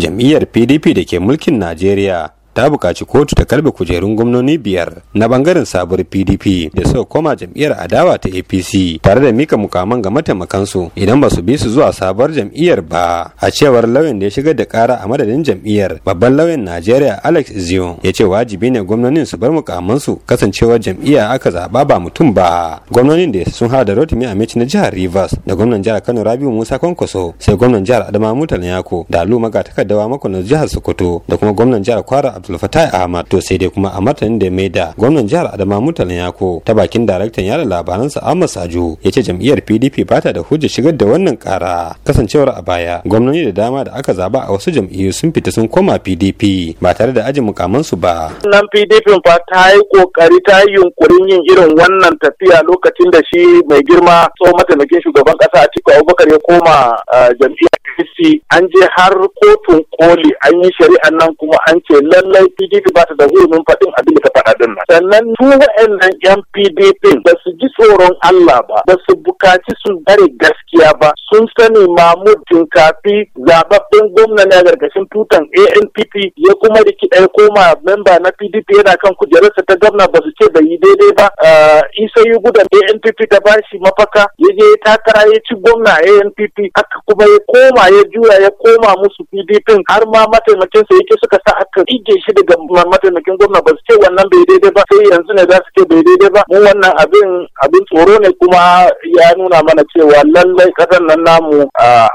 jam'iyyar pdp da ke mulkin najeriya ta buƙaci kotu ta karbe kujerun gwamnoni biyar na bangaren sabuwar pdp da suka koma jam'iyyar adawa ta apc tare da mika mukaman ga mataimakansu idan ba su bi su zuwa sabuwar jam'iyyar ba a cewar lauyan da ya shigar da kara a madadin jam'iyyar babban lauyan najeriya alex zio ya ce wajibi ne gwamnonin su bar mukamansu kasancewar jam'iyya aka zaɓa ba mutum ba gwamnonin da sun hada da rotimi amici na jihar rivers da gwamnan jihar kano rabiu musa kwankwaso sai gwamnan jihar adama mutanen yako da alu magatakar dawa mako na jihar sokoto da kuma gwamnan jihar kwara abdul abdulfatai ahmad to sai dai kuma a martanin da mai da gwamnan jihar adama mutalan yako ta bakin daraktan yada labaransa ahmad sajo ya ce jam'iyyar pdp ba ta da hujja shigar da wannan kara kasancewar a baya gwamnoni da dama da aka zaba a wasu jam'iyyu sun fita sun koma pdp ba tare da ajin su ba nan pdp fa ta yi kokari ta yi yunkurin yin irin wannan tafiya lokacin da shi mai girma tsohon mataimakin shugaban kasa atiku abubakar ya koma jam'iyyar PDP an je har kotun koli an yi shari'an nan kuma an ce lan. lallai PDP ba ta da hurumin faɗin abin da ta faɗa din nan. Sannan su wa'annan 'yan PDP ba su ji tsoron Allah ba, ba su bukaci su bare gaskiya ba, sun sani Mahmud Tunkafi zababben gwamna na gargashin tutan ANPP ya kuma rikida ya koma memba na PDP yana kan kujerarsa ta gwamna ba su ce bai yi daidai ba. Ah, Isa yi gudan ANPP ta ba shi mafaka ya je ya takara ya ci gwamna ANPP haka kuma ya koma ya juya ya koma musu PDP har ma mataimakinsa yake suka sa aka Ige. shi daga mataimakin gwamna ba su ce wannan bai daidai ba sai yanzu ne za su ce bai daidai ba mu wannan abin abin tsoro ne kuma ya nuna mana cewa lallai kasan nan namu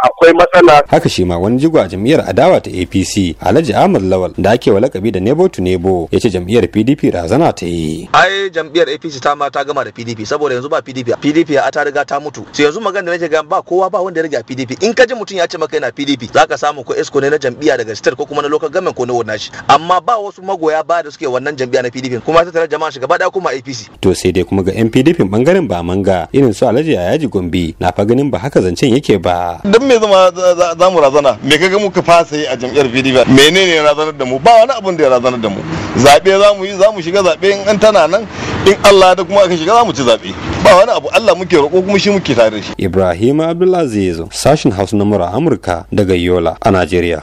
akwai matsala haka shi ma wani jigo a jam'iyyar adawa ta APC Alhaji Ahmad Lawal da ake wa lakabi da Nebo to Nebo yace jam'iyyar PDP razana ta yi ai jam'iyyar APC ta ma ta gama da PDP saboda yanzu ba PDP PDP a ta riga ta mutu sai yanzu magana da nake ga ba kowa ba wanda ya riga PDP in ka ji mutum ya ce maka yana PDP za ka samu ko esko ne na jam'iyya daga state ko kuma na local government ko na wannan shi amma amma ba wasu magoya ba da suke wannan jam'iyya na PDP kuma ta tare jama'a shiga ba daya kuma APC to sai dai kuma ga yan PDP bangaren ba manga irin su Alhaji Ayaji Gombe na fa ganin ba haka zancen yake ba dan me zama za mu razana me kaga muka fasa yi a jam'iyyar PDP menene razanar da mu ba wani abun da ya razanar da mu zabe za mu yi za mu shiga zabe in an tana nan in Allah da kuma aka shiga za mu ci zabe ba wani abu Allah muke roƙo kuma shi muke tare da shi Ibrahim Abdulaziz sashin Hausa na Amurka daga Yola a Najeriya